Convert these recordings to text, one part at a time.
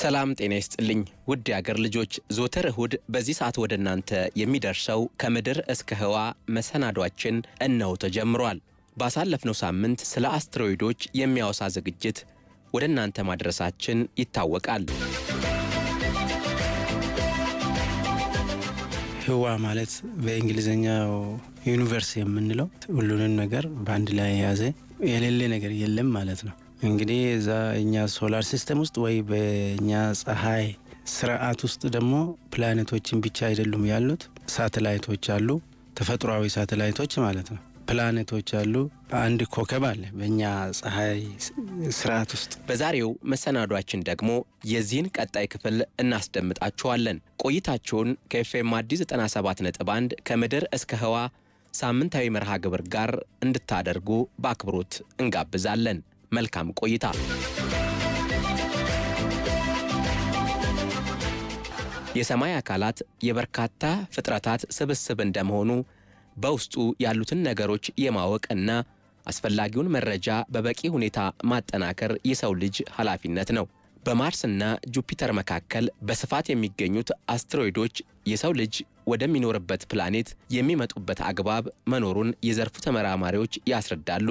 ሰላም ጤና ይስጥልኝ ውድ የአገር ልጆች፣ ዞተር እሁድ በዚህ ሰዓት ወደ እናንተ የሚደርሰው ከምድር እስከ ህዋ መሰናዷችን እነሆ ተጀምሯል። ባሳለፍነው ሳምንት ስለ አስትሮይዶች የሚያወሳ ዝግጅት ወደ እናንተ ማድረሳችን ይታወቃል። ህዋ ማለት በእንግሊዝኛው ዩኒቨርስ የምንለው ሁሉንም ነገር በአንድ ላይ የያዘ የሌለ ነገር የለም ማለት ነው። እንግዲህ እዛ እኛ ሶላር ሲስተም ውስጥ ወይ በእኛ ፀሐይ ስርዓት ውስጥ ደግሞ ፕላኔቶችን ብቻ አይደሉም ያሉት፣ ሳተላይቶች አሉ፣ ተፈጥሯዊ ሳተላይቶች ማለት ነው። ፕላኔቶች አሉ። አንድ ኮከብ አለ በእኛ ፀሐይ ስርዓት ውስጥ። በዛሬው መሰናዷችን ደግሞ የዚህን ቀጣይ ክፍል እናስደምጣችኋለን። ቆይታችሁን ከኤፍኤም አዲስ 1 ከምድር እስከ ህዋ ሳምንታዊ መርሃ ግብር ጋር እንድታደርጉ በአክብሮት እንጋብዛለን። መልካም ቆይታ። የሰማይ አካላት የበርካታ ፍጥረታት ስብስብ እንደመሆኑ በውስጡ ያሉትን ነገሮች የማወቅ እና አስፈላጊውን መረጃ በበቂ ሁኔታ ማጠናከር የሰው ልጅ ኃላፊነት ነው። በማርስና ጁፒተር መካከል በስፋት የሚገኙት አስትሮይዶች የሰው ልጅ ወደሚኖርበት ፕላኔት የሚመጡበት አግባብ መኖሩን የዘርፉ ተመራማሪዎች ያስረዳሉ።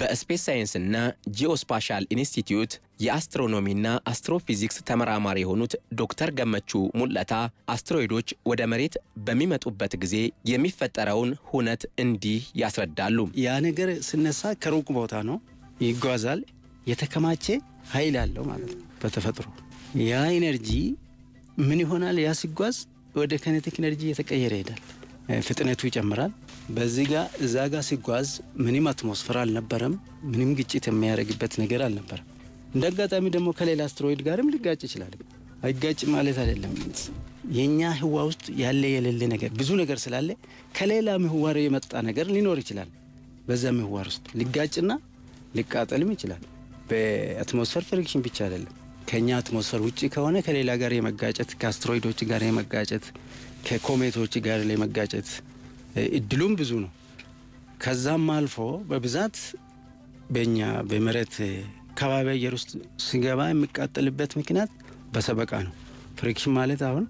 በስፔስ ሳይንስና ጂኦስፓሻል ኢንስቲትዩት የአስትሮኖሚና አስትሮፊዚክስ ተመራማሪ የሆኑት ዶክተር ገመቹ ሙለታ አስትሮይዶች ወደ መሬት በሚመጡበት ጊዜ የሚፈጠረውን ሁነት እንዲህ ያስረዳሉ። ያ ነገር ስነሳ ከሩቅ ቦታ ነው፣ ይጓዛል፣ የተከማቸ ኃይል አለው ማለት ነው በተፈጥሮ ያ ኢነርጂ ምን ይሆናል? ያ ሲጓዝ ወደ ከነቲክ ኢነርጂ እየተቀየረ ይሄዳል። ፍጥነቱ ይጨምራል። በዚህ ጋ እዛ ጋ ሲጓዝ ምንም አትሞስፈር አልነበረም። ምንም ግጭት የሚያደርግበት ነገር አልነበረም። እንደ አጋጣሚ ደግሞ ከሌላ አስትሮይድ ጋርም ሊጋጭ ይችላል። አይጋጭ ማለት አይደለም። የእኛ ህዋ ውስጥ ያለ የሌለ ነገር ብዙ ነገር ስላለ ከሌላ ምህዋር የመጣ ነገር ሊኖር ይችላል። በዛ ምህዋር ውስጥ ሊጋጭና ሊቃጠልም ይችላል። በአትሞስፈር ፍሪክሽን ብቻ አይደለም። ከእኛ አትሞስፈር ውጭ ከሆነ ከሌላ ጋር የመጋጨት ከአስትሮይዶች ጋር የመጋጨት ከኮሜቶች ጋር ለመጋጨት እድሉም ብዙ ነው። ከዛም አልፎ በብዛት በኛ በመሬት ከባቢ አየር ውስጥ ሲገባ የሚቃጠልበት ምክንያት በሰበቃ ነው። ፍሪክሽን ማለት አሁን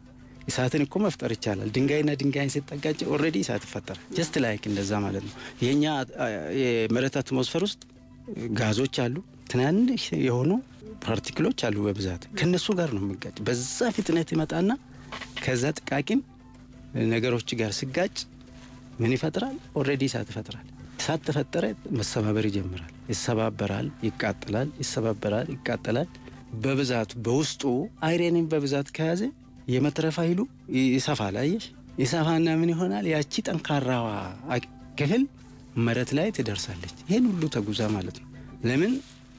እሳትን እኮ መፍጠር ይቻላል። ድንጋይና ድንጋይን ሲጠጋጭ ኦልሬዲ እሳት ይፈጠራል። ጀስት ላይክ እንደዛ ማለት ነው። የኛ የመሬት አትሞስፌር ውስጥ ጋዞች አሉ፣ ትናንሽ የሆኑ ፓርቲክሎች አሉ። በብዛት ከነሱ ጋር ነው የሚጋጭ። በዛ ፍጥነት ይመጣና ከዛ ጥቃቂን ነገሮች ጋር ስጋጭ ምን ይፈጥራል? ኦልሬዲ እሳት ይፈጥራል። እሳት ተፈጠረ፣ መሰባበር ይጀምራል። ይሰባበራል፣ ይቃጠላል፣ ይሰባበራል፣ ይቃጠላል። በብዛት በውስጡ አይሬንን በብዛት ከያዘ የመትረፍ ኃይሉ ይሰፋል። አየሽ፣ ይሰፋና ምን ይሆናል? ያቺ ጠንካራዋ ክፍል መሬት ላይ ትደርሳለች። ይህን ሁሉ ተጉዛ ማለት ነው። ለምን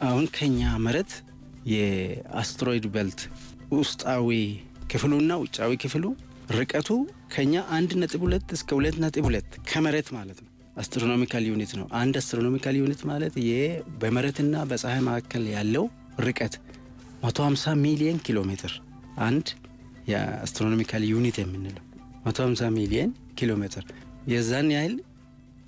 አሁን ከኛ መሬት የአስትሮይድ በልት ውስጣዊ ክፍሉና ውጫዊ ክፍሉ ርቀቱ ከኛ አንድ ነጥብ ሁለት እስከ ነጥብ ሁለት ከመሬት ማለት ነው። አስትሮኖሚካል ዩኒት ነው። አንድ አስትሮኖሚካል ዩኒት ማለት ይ በመሬትና በፀሐይ መካከል ያለው ርቀት 150 ሚሊየን ኪሎ ሜትር አንድ የአስትሮኖሚካል ዩኒት የምንለው 150 ሚሊየን ኪሎ ሜትር የዛን ያህል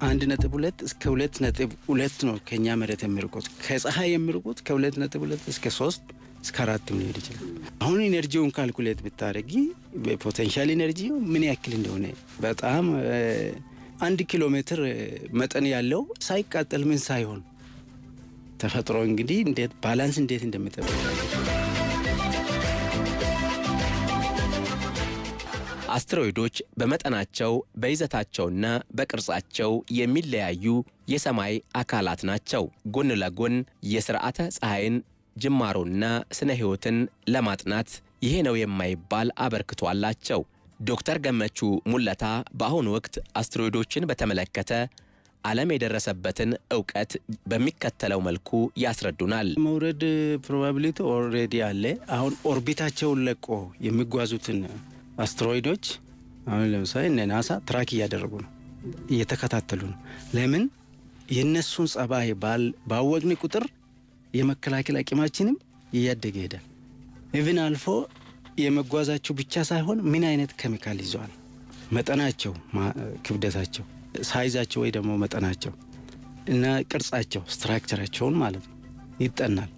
አንድ ነጥብ ሁለት እስከ ሁለት ነጥብ ሁለት ነው ከኛ መሬት የሚርቁት ከፀሐይ የሚርቁት ከሁለት ነጥብ ሁለት እስከ ሶስት እስከ አራትም ሊሄድ ይችላል። አሁን ኢነርጂውን ካልኩሌት ብታደረጊ በፖቴንሻል ኢነርጂ ምን ያክል እንደሆነ በጣም አንድ ኪሎ ሜትር መጠን ያለው ሳይቃጠል ምን ሳይሆን ተፈጥሮ እንግዲህ እንዴት ባላንስ እንዴት እንደሚጠብቅ አስትሮይዶች በመጠናቸው በይዘታቸውና በቅርጻቸው የሚለያዩ የሰማይ አካላት ናቸው። ጎን ለጎን የስርዓተ ፀሐይን ጅማሮና ስነ ሕይወትን ለማጥናት ይሄ ነው የማይባል አበርክቶ አላቸው። ዶክተር ገመቹ ሙለታ በአሁኑ ወቅት አስትሮይዶችን በተመለከተ ዓለም የደረሰበትን እውቀት በሚከተለው መልኩ ያስረዱናል። መውረድ ፕሮባብሊቲ ኦልሬዲ አለ። አሁን ኦርቢታቸውን ለቆ የሚጓዙትን አስትሮይዶች አሁን ለምሳሌ እነ ናሳ ትራክ እያደረጉ ነው፣ እየተከታተሉ ነው። ለምን የእነሱን ጸባይ ባወቅን ቁጥር የመከላከል አቅማችንም እያደገ ይሄዳል። ኢቭን አልፎ የመጓዛቸው ብቻ ሳይሆን ምን አይነት ኬሚካል ይዘዋል፣ መጠናቸው፣ ክብደታቸው፣ ሳይዛቸው ወይ ደግሞ መጠናቸው እና ቅርጻቸው ስትራክቸራቸውን ማለት ነው ይጠናል።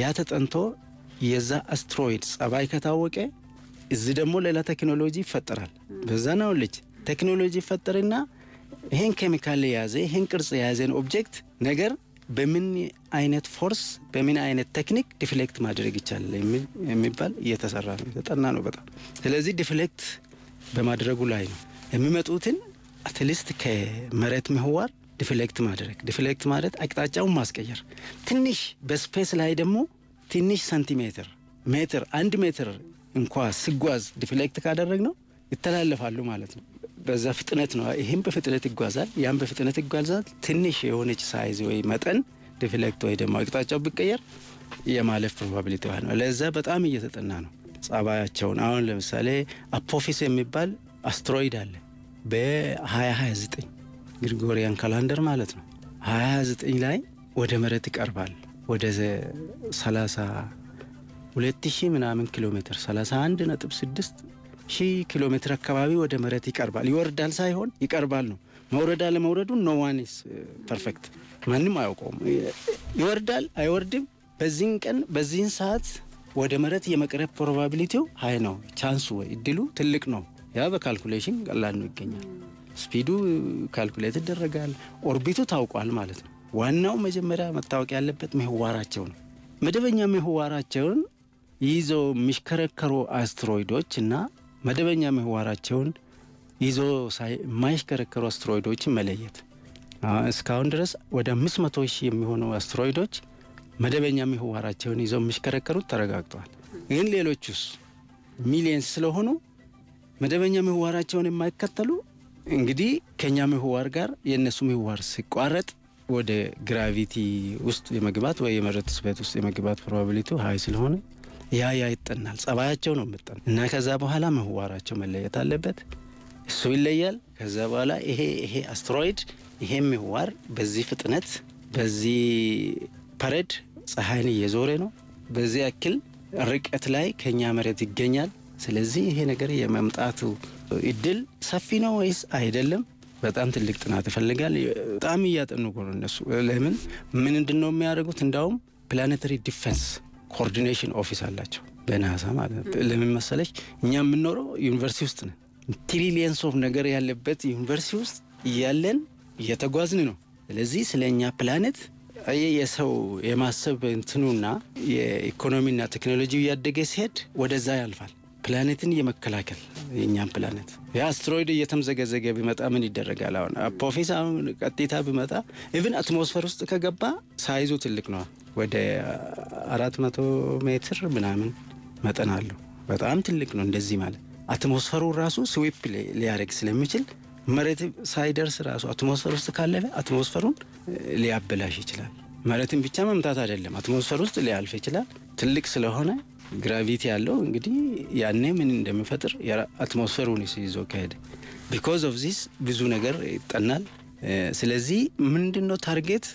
ያ ተጠንቶ የዛ አስትሮይድ ጸባይ ከታወቀ እዚህ ደግሞ ሌላ ቴክኖሎጂ ይፈጠራል። በዛ ነው ልጅ ቴክኖሎጂ ይፈጠርና ይህን ኬሚካል የያዘ ይህን ቅርጽ የያዘን ኦብጀክት ነገር በምን አይነት ፎርስ በምን አይነት ቴክኒክ ዲፍሌክት ማድረግ ይቻላል የሚባል እየተሰራ ነው፣ የተጠና ነው በጣም። ስለዚህ ዲፍሌክት በማድረጉ ላይ ነው የሚመጡትን አትሊስት ከመሬት ምህዋር ዲፍሌክት ማድረግ። ዲፍሌክት ማለት አቅጣጫውን ማስቀየር ትንሽ በስፔስ ላይ ደግሞ ትንሽ ሰንቲሜትር ሜትር አንድ ሜትር እንኳ ሲጓዝ ዲፍሌክት ካደረግ ነው ይተላለፋሉ ማለት ነው። በዛ ፍጥነት ነው። ይህም በፍጥነት ይጓዛል፣ ያም በፍጥነት ይጓዛል። ትንሽ የሆነች ሳይዝ ወይ መጠን ዲፍሌክት ወይ ደግሞ አቅጣጫው ቢቀየር የማለፍ ፕሮባቢሊቲ ነው። ለዛ በጣም እየተጠና ነው ጸባያቸውን። አሁን ለምሳሌ አፖፊስ የሚባል አስትሮይድ አለ በ2029 ግሪጎሪያን ካላንደር ማለት ነው። 2029 ላይ ወደ መሬት ይቀርባል ወደ 32 ምናምን ኪሎ ሜትር 31 ነጥብ 6 ሺህ ኪሎ ሜትር አካባቢ ወደ መሬት ይቀርባል። ይወርዳል ሳይሆን ይቀርባል ነው። መውረድ አለመውረዱ ኖ ፐርፌክት፣ ማንም አያውቀውም። ይወርዳል አይወርድም፣ በዚህን ቀን በዚህን ሰዓት ወደ መሬት የመቅረብ ፕሮባቢሊቲው ሀይ ነው። ቻንሱ ወይ እድሉ ትልቅ ነው። ያ በካልኩሌሽን ቀላል ነው ይገኛል። ስፒዱ ካልኩሌት ይደረጋል። ኦርቢቱ ታውቋል ማለት ነው። ዋናው መጀመሪያ መታወቅ ያለበት ምህዋራቸው ነው። መደበኛ ምህዋራቸውን ይዘው የሚሽከረከሩ አስትሮይዶች እና መደበኛ ምህዋራቸውን ይዞ የማይሽከረከሩ አስትሮይዶችን መለየት እስካሁን ድረስ ወደ አምስት መቶ ሺህ የሚሆኑ አስትሮይዶች መደበኛ ምህዋራቸውን ይዘው የሚሽከረከሩት ተረጋግጧል። ግን ሌሎቹስ ሚሊየንስ ስለሆኑ መደበኛ ምህዋራቸውን የማይከተሉ እንግዲህ ከኛ ምህዋር ጋር የእነሱ ምህዋር ሲቋረጥ ወደ ግራቪቲ ውስጥ የመግባት ወይ የመሬት ስበት ውስጥ የመግባት ፕሮባቢሊቲው ሀይ ስለሆነ ያ ያ ይጠናል። ጸባያቸው ነው የምጠና እና ከዛ በኋላ ምህዋራቸው መለየት አለበት። እሱ ይለያል። ከዛ በኋላ ይሄ ይሄ አስትሮይድ ይሄ ምህዋር በዚህ ፍጥነት በዚህ ፐረድ ፀሐይን እየዞረ ነው፣ በዚህ ያክል ርቀት ላይ ከኛ መሬት ይገኛል። ስለዚህ ይሄ ነገር የመምጣቱ እድል ሰፊ ነው ወይስ አይደለም? በጣም ትልቅ ጥናት ይፈልጋል። በጣም እያጠኑ እነሱ ለምን ምንድን ነው የሚያደርጉት? እንዳውም ፕላኔተሪ ዲፌንስ ኮኦርዲኔሽን ኦፊስ አላቸው በናሳ ማለት ለምን መሰለች እኛ የምንኖረው ዩኒቨርሲቲ ውስጥ ነን። ትሪሊየንስ ኦፍ ነገር ያለበት ዩኒቨርሲቲ ውስጥ እያለን እየተጓዝን ነው። ስለዚህ ስለ እኛ ፕላኔት የሰው የማሰብ እንትኑና የኢኮኖሚና ቴክኖሎጂ እያደገ ሲሄድ ወደዛ ያልፋል። ፕላኔትን የመከላከል የእኛም ፕላኔት የአስትሮይድ እየተምዘገዘገ ቢመጣ ምን ይደረጋል? አሁን አፖፊስ አሁን ቀጥታ ቢመጣ ኢቭን አትሞስፌር ውስጥ ከገባ ሳይዙ ትልቅ ነው። ወደ አራት መቶ ሜትር ምናምን መጠን አለው። በጣም ትልቅ ነው። እንደዚህ ማለት አትሞስፈሩ ራሱ ስዊፕ ሊያደርግ ስለሚችል መሬት ሳይደርስ ራሱ አትሞስፈር ውስጥ ካለፈ አትሞስፈሩን ሊያበላሽ ይችላል። መሬትን ብቻ መምታት አይደለም፣ አትሞስፈር ውስጥ ሊያልፍ ይችላል። ትልቅ ስለሆነ ግራቪቲ ያለው እንግዲህ ያኔ ምን እንደሚፈጥር አትሞስፌሩን ይዞ ከሄደ ቢኮዝ ኦፍ ዚስ ብዙ ነገር ይጠናል። ስለዚህ ምንድነው ታርጌት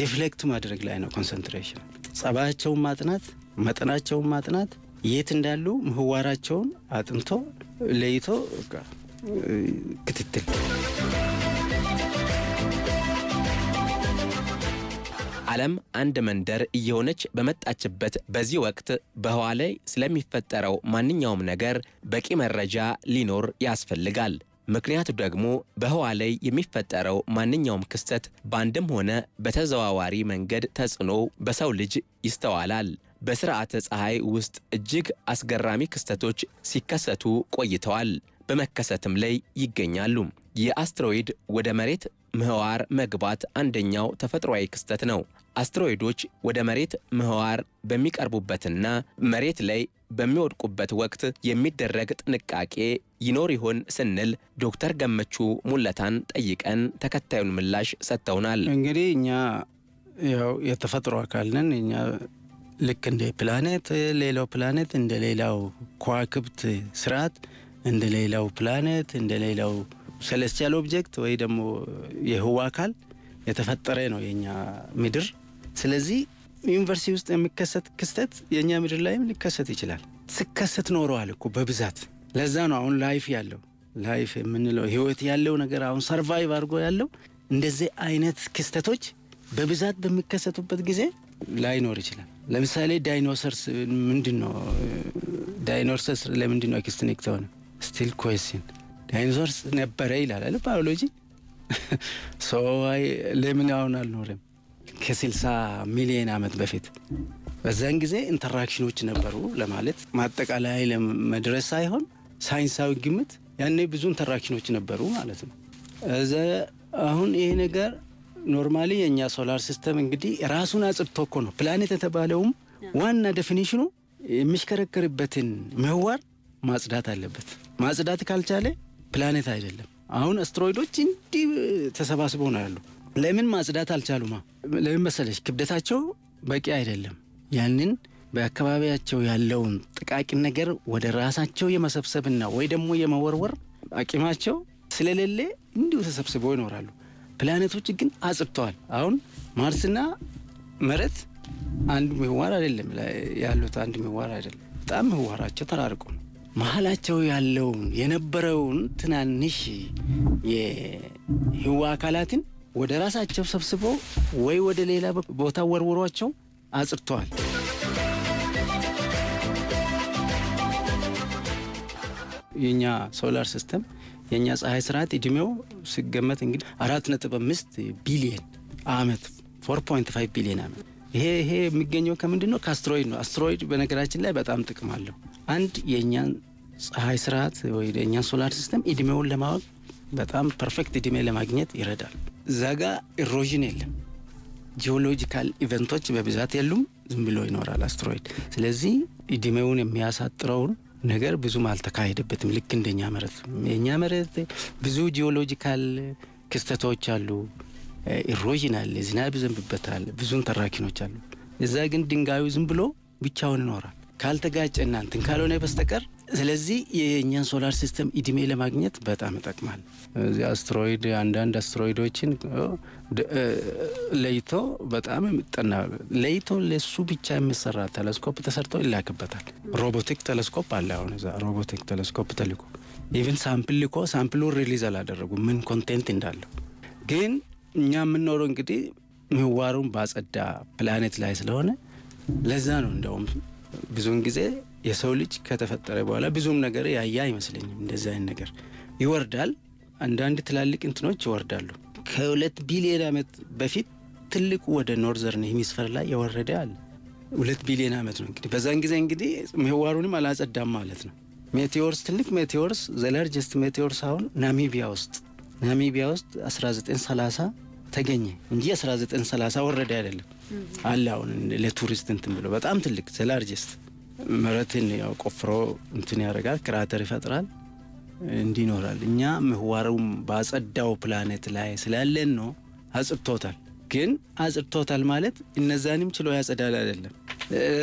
ዲፍሌክት ማድረግ ላይ ነው ኮንሰንትሬሽን። ጸባያቸውን ማጥናት፣ መጠናቸውን ማጥናት፣ የት እንዳሉ ምህዋራቸውን አጥንቶ ለይቶ ክትትል ዓለም አንድ መንደር እየሆነች በመጣችበት በዚህ ወቅት በህዋ ላይ ስለሚፈጠረው ማንኛውም ነገር በቂ መረጃ ሊኖር ያስፈልጋል። ምክንያቱ ደግሞ በህዋ ላይ የሚፈጠረው ማንኛውም ክስተት በአንድም ሆነ በተዘዋዋሪ መንገድ ተጽዕኖ በሰው ልጅ ይስተዋላል። በስርዓተ ፀሐይ ውስጥ እጅግ አስገራሚ ክስተቶች ሲከሰቱ ቆይተዋል፣ በመከሰትም ላይ ይገኛሉ። የአስትሮይድ ወደ መሬት ምህዋር መግባት አንደኛው ተፈጥሯዊ ክስተት ነው። አስትሮይዶች ወደ መሬት ምህዋር በሚቀርቡበትና መሬት ላይ በሚወድቁበት ወቅት የሚደረግ ጥንቃቄ ይኖር ይሆን ስንል ዶክተር ገመቹ ሙለታን ጠይቀን ተከታዩን ምላሽ ሰጥተውናል። እንግዲህ እኛ ያው የተፈጥሮ አካል ነን። እኛ ልክ እንደ ፕላኔት ሌላው ፕላኔት እንደ ሌላው ከዋክብት ስርዓት እንደ ሌላው ፕላኔት እንደ ሌላው ሴሌስቲያል ኦብጀክት ወይ ደግሞ የህዋ አካል የተፈጠረ ነው የኛ ምድር። ስለዚህ ዩኒቨርሲቲ ውስጥ የሚከሰት ክስተት የእኛ ምድር ላይም ሊከሰት ይችላል። ስከሰት ኖረዋል እኮ በብዛት ለዛ ነው አሁን ላይፍ ያለው ላይፍ የምንለው ህይወት ያለው ነገር አሁን ሰርቫይቭ አድርጎ ያለው እንደዚህ አይነት ክስተቶች በብዛት በሚከሰቱበት ጊዜ ላይኖር ይችላል። ለምሳሌ ዳይኖሰርስ ምንድን ነው? ዳይኖሰርስ ለምንድን ነው ኤክስቲንክት ሆነ? ስቲል ኮስን ዳይኖሶርስ ነበረ ይላል አለ ባዮሎጂ። ሰዋይ ለምን አሁን አልኖረም? ከስልሳ ሚሊዮን ዓመት በፊት በዛን ጊዜ ኢንተራክሽኖች ነበሩ ለማለት ማጠቃላይ ለመድረስ ሳይሆን ሳይንሳዊ ግምት ያኔ ብዙ ኢንተራክሽኖች ነበሩ ማለት ነው። እዛ አሁን ይሄ ነገር ኖርማሊ የእኛ ሶላር ሲስተም እንግዲህ ራሱን አጽድቶ እኮ ነው ፕላኔት የተባለውም ዋና ዴፊኒሽኑ የሚሽከረከርበትን ምህዋር ማጽዳት አለበት። ማጽዳት ካልቻለ ፕላኔት አይደለም። አሁን አስትሮይዶች እንዲህ ተሰባስበው ነው ያሉ። ለምን ማጽዳት አልቻሉማ? ለምን መሰለች? ክብደታቸው በቂ አይደለም። ያንን በአካባቢያቸው ያለውን ጥቃቂን ነገር ወደ ራሳቸው የመሰብሰብና ወይ ደግሞ የመወርወር አቂማቸው ስለሌለ እንዲሁ ተሰብስበው ይኖራሉ። ፕላኔቶች ግን አጽድተዋል። አሁን ማርስና መሬት አንድ ምህዋር አይደለም ያሉት፣ አንድ ምህዋር አይደለም። በጣም ምህዋራቸው ተራርቆ ነው። መሀላቸው ያለውን የነበረውን ትናንሽ የህዋ አካላትን ወደ ራሳቸው ሰብስቦ ወይ ወደ ሌላ ቦታ ወርውሯቸው አጽድተዋል። የእኛ ሶላር ሲስተም የእኛ ፀሐይ ስርዓት እድሜው ሲገመት እንግዲህ አራት ነጥብ አምስት ቢሊየን አመት ፎር ፖይንት ፋይቭ ቢሊየን አመት ይሄ ይሄ የሚገኘው ከምንድን ነው? ከአስትሮይድ ነው። አስትሮይድ በነገራችን ላይ በጣም ጥቅም አለው። አንድ የእኛን ፀሐይ ስርዓት ወይ የእኛን ሶላር ሲስተም እድሜውን ለማወቅ በጣም ፐርፌክት እድሜ ለማግኘት ይረዳል። እዛ ጋ ኢሮዥን የለም፣ ጂኦሎጂካል ኢቨንቶች በብዛት የሉም፣ ዝም ብሎ ይኖራል አስትሮይድ። ስለዚህ እድሜውን የሚያሳጥረውን ነገር ብዙም አልተካሄደበትም። ልክ እንደኛ መሬት የእኛ መሬት ብዙ ጂኦሎጂካል ክስተቶች አሉ። ኢሮዥን አለ፣ ዝናብ ይዘንብበታል፣ ብዙን ተራኪኖች አሉ። እዛ ግን ድንጋዩ ዝም ብሎ ብቻውን ይኖራል ካልተጋጨ እናንትን ካልሆነ በስተቀር ስለዚህ የእኛን ሶላር ሲስተም እድሜ ለማግኘት በጣም ይጠቅማል። እዚህ አስትሮይድ አንዳንድ አስትሮይዶችን ለይቶ በጣም የሚጠና ለይቶ ለሱ ብቻ የሚሰራ ቴሌስኮፕ ተሰርቶ ይላክበታል። ሮቦቲክ ቴሌስኮፕ አለ። አሁን እዛ ሮቦቲክ ቴሌስኮፕ ተልኮ ኢቨን ሳምፕል ልኮ ሳምፕሉን ሪሊዝ አላደረጉ ምን ኮንቴንት እንዳለው ግን እኛ የምንኖረው እንግዲህ ምህዋሩን ባጸዳ ፕላኔት ላይ ስለሆነ ለዛ ነው እንደውም ብዙውን ጊዜ የሰው ልጅ ከተፈጠረ በኋላ ብዙም ነገር ያየ አይመስለኝም። እንደዚህ አይነት ነገር ይወርዳል። አንዳንድ ትላልቅ እንትኖች ይወርዳሉ። ከሁለት ቢሊዮን ዓመት በፊት ትልቁ ወደ ኖርዘርን ሄሚስፈር ላይ የወረደ አለ። ሁለት ቢሊዮን ዓመት ነው እንግዲህ። በዛን ጊዜ እንግዲህ ምህዋሩንም አላጸዳም ማለት ነው። ሜቴዎርስ ትልቅ ሜቴዎርስ ዘላርጀስት ሜቴዎርስ አሁን ናሚቢያ ውስጥ ናሚቢያ ውስጥ 1930 ተገኘ እንጂ 1930 ወረደ አይደለም አለ። አሁን ለቱሪስት እንትን ብሎ በጣም ትልቅ ዘላርጀስት መሬትን ያው ቆፍሮ እንትን ያደርጋል፣ ክራተር ይፈጥራል፣ እንዲኖራል። እኛ ምህዋሩም ባጸዳው ፕላኔት ላይ ስላለን ነው። አጽድቶታል። ግን አጽድቶታል ማለት እነዛንም ችሎ ያጸዳል አይደለም።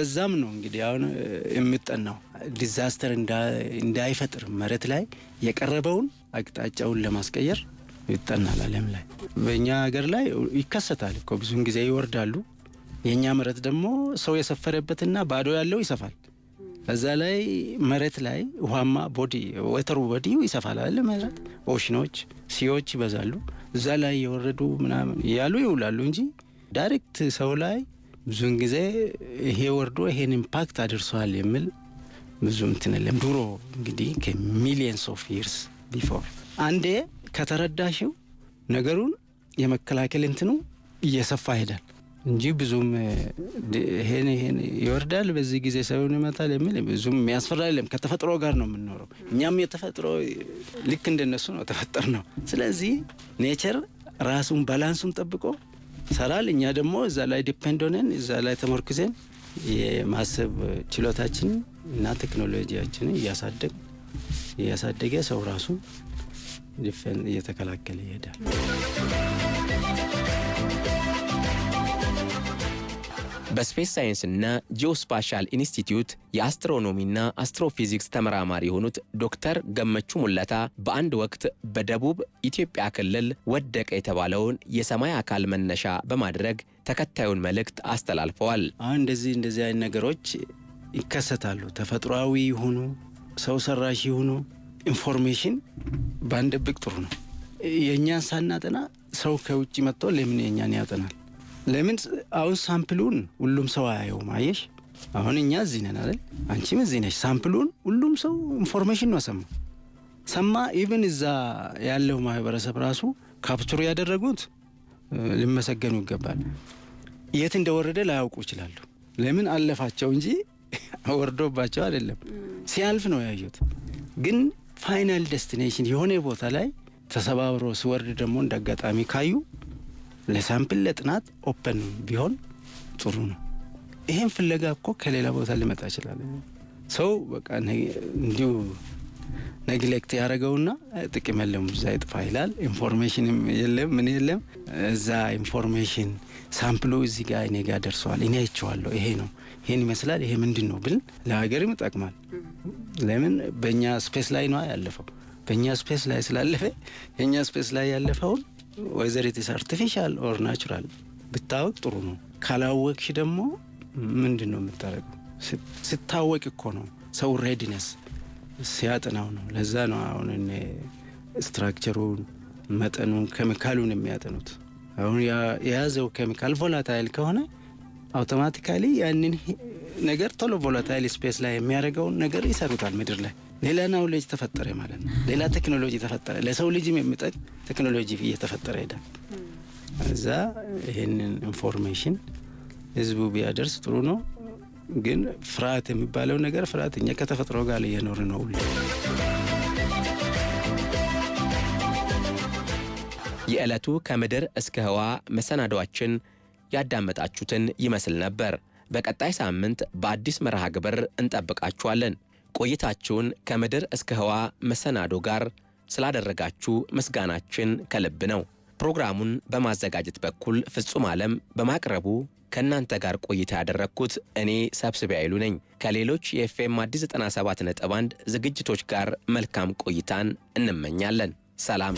እዛም ነው እንግዲህ አሁን የምጠናው ዲዛስተር እንዳይፈጥር መሬት ላይ የቀረበውን አቅጣጫውን ለማስቀየር ይጠናል። ዓለም ላይ በእኛ ሀገር ላይ ይከሰታል እኮ ብዙን ጊዜ ይወርዳሉ። የእኛ መሬት ደግሞ ሰው የሰፈረበትና ባዶ ያለው ይሰፋል። እዛ ላይ መሬት ላይ ውሃማ ቦዲ ወተሩ ቦዲ ይሰፋል አይደል? መሬት ኦሽኖች፣ ሲዎች ይበዛሉ። እዛ ላይ የወረዱ ምናምን ያሉ ይውላሉ እንጂ ዳይሬክት ሰው ላይ ብዙን ጊዜ ይሄ ወርዶ ይሄን ኢምፓክት አድርሰዋል የሚል ብዙ እንትን የለም። ድሮ እንግዲህ ከሚሊየንስ ኦፍ ይርስ ቢፎር አንዴ ከተረዳሽው ነገሩን የመከላከል እንትኑ እየሰፋ ይሄዳል። እንጂ ብዙም ይሄን ይሄን ይወርዳል በዚህ ጊዜ ሰውን ይመጣል የሚል ብዙም የሚያስፈራ የለም። ከተፈጥሮ ጋር ነው የምንኖረው። እኛም የተፈጥሮ ልክ እንደነሱ ነው ተፈጠር ነው። ስለዚህ ኔቸር ራሱን ባላንሱን ጠብቆ ሰራል። እኛ ደግሞ እዛ ላይ ዲፔንድ ሆነን እዛ ላይ ተመርኩዘን የማሰብ ችሎታችን እና ቴክኖሎጂያችን እያሳደግ እያሳደገ ሰው ራሱ ዲፌን እየተከላከለ ይሄዳል። በስፔስ ሳይንስና ጂኦስፓሻል ኢንስቲትዩት የአስትሮኖሚና አስትሮፊዚክስ ተመራማሪ የሆኑት ዶክተር ገመቹ ሙለታ በአንድ ወቅት በደቡብ ኢትዮጵያ ክልል ወደቀ የተባለውን የሰማይ አካል መነሻ በማድረግ ተከታዩን መልእክት አስተላልፈዋል። አሁን እንደዚህ እንደዚህ አይነት ነገሮች ይከሰታሉ። ተፈጥሯዊ ይሁኑ ሰው ሰራሽ ይሁኑ ኢንፎርሜሽን ባንደብቅ ጥሩ ነው። የእኛን ሳናጠና ሰው ከውጭ መጥቶ ለምን የእኛን ያጠናል? ለምን አሁን ሳምፕሉን ሁሉም ሰው አያየውም። አየሽ አሁን እኛ እዚህ ነን አይደል? አንቺም እዚህ ነሽ። ሳምፕሉን ሁሉም ሰው ኢንፎርሜሽን ነው ሰማ ሰማ። ኢቨን እዛ ያለው ማህበረሰብ ራሱ ካፕቱር ያደረጉት ሊመሰገኑ ይገባል። የት እንደወረደ ላያውቁ ይችላሉ። ለምን አለፋቸው እንጂ ወርዶባቸው አይደለም። ሲያልፍ ነው ያዩት። ግን ፋይናል ደስቲኔሽን የሆነ ቦታ ላይ ተሰባብሮ ሲወርድ ደግሞ እንደ አጋጣሚ ካዩ ለሳምፕል ለጥናት ኦፐን ቢሆን ጥሩ ነው። ይሄን ፍለጋ እኮ ከሌላ ቦታ ሊመጣ ይችላል። ሰው በቃ እንዲሁ ነግሌክት ያደረገውና ጥቅም የለም እዛ ይጥፋ ይላል። ኢንፎርሜሽንም የለም ምን የለም እዛ ኢንፎርሜሽን ሳምፕሉ እዚህ ጋር እኔ ጋር ደርሰዋል፣ እኔ አይቼዋለሁ፣ ይሄ ነው ይሄን ይመስላል፣ ይሄ ምንድን ነው ብል ለሀገርም ይጠቅማል። ለምን በእኛ ስፔስ ላይ ነዋ ያለፈው። በእኛ ስፔስ ላይ ስላለፈ የእኛ ስፔስ ላይ ያለፈውን ወይዘር ኢትስ አርቲፊሻል ኦር ናቹራል ብታወቅ ጥሩ ነው። ካላወቅሽ ደግሞ ምንድን ነው የምታደርገው? ስታወቅ እኮ ነው ሰው ሬዲነስ ሲያጥናው ነው። ለዛ ነው አሁን ስትራክቸሩን መጠኑን ኬሚካሉን የሚያጥኑት አሁን የያዘው ኬሚካል ቮላታይል ከሆነ አውቶማቲካሊ ያንን ነገር ቶሎ ቮላታይል ስፔስ ላይ የሚያደርገውን ነገር ይሰሩታል ምድር ላይ ሌላ ናውሌጅ ተፈጠረ ማለት ነው። ሌላ ቴክኖሎጂ ተፈጠረ። ለሰው ልጅም የሚጠቅ ቴክኖሎጂ እየተፈጠረ ሄዳል። እዛ ይህንን ኢንፎርሜሽን ህዝቡ ቢያደርስ ጥሩ ነው። ግን ፍርሃት የሚባለው ነገር ፍርሃት እኛ ከተፈጥሮ ጋር እየኖር ነው። የዕለቱ ከምድር እስከ ህዋ መሰናዷችን ያዳመጣችሁትን ይመስል ነበር። በቀጣይ ሳምንት በአዲስ መርሃ ግብር እንጠብቃችኋለን። ቆይታችሁን ከምድር እስከ ህዋ መሰናዶ ጋር ስላደረጋችሁ ምስጋናችን ከልብ ነው። ፕሮግራሙን በማዘጋጀት በኩል ፍጹም ዓለም በማቅረቡ ከእናንተ ጋር ቆይታ ያደረግኩት እኔ ሰብስቢ አይሉ ነኝ። ከሌሎች የኤፍኤም አዲስ 97 ነጥብ 1 ዝግጅቶች ጋር መልካም ቆይታን እንመኛለን። ሰላም።